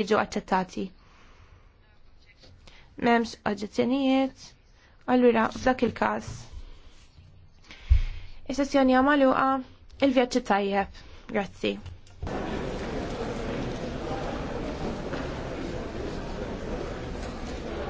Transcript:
jiġu accettati. Memx oġġezzjonijiet, allura f'dak il-każ. Is-sessjoni għamaluqa il-vjaġġi tajjeb. Grazzi.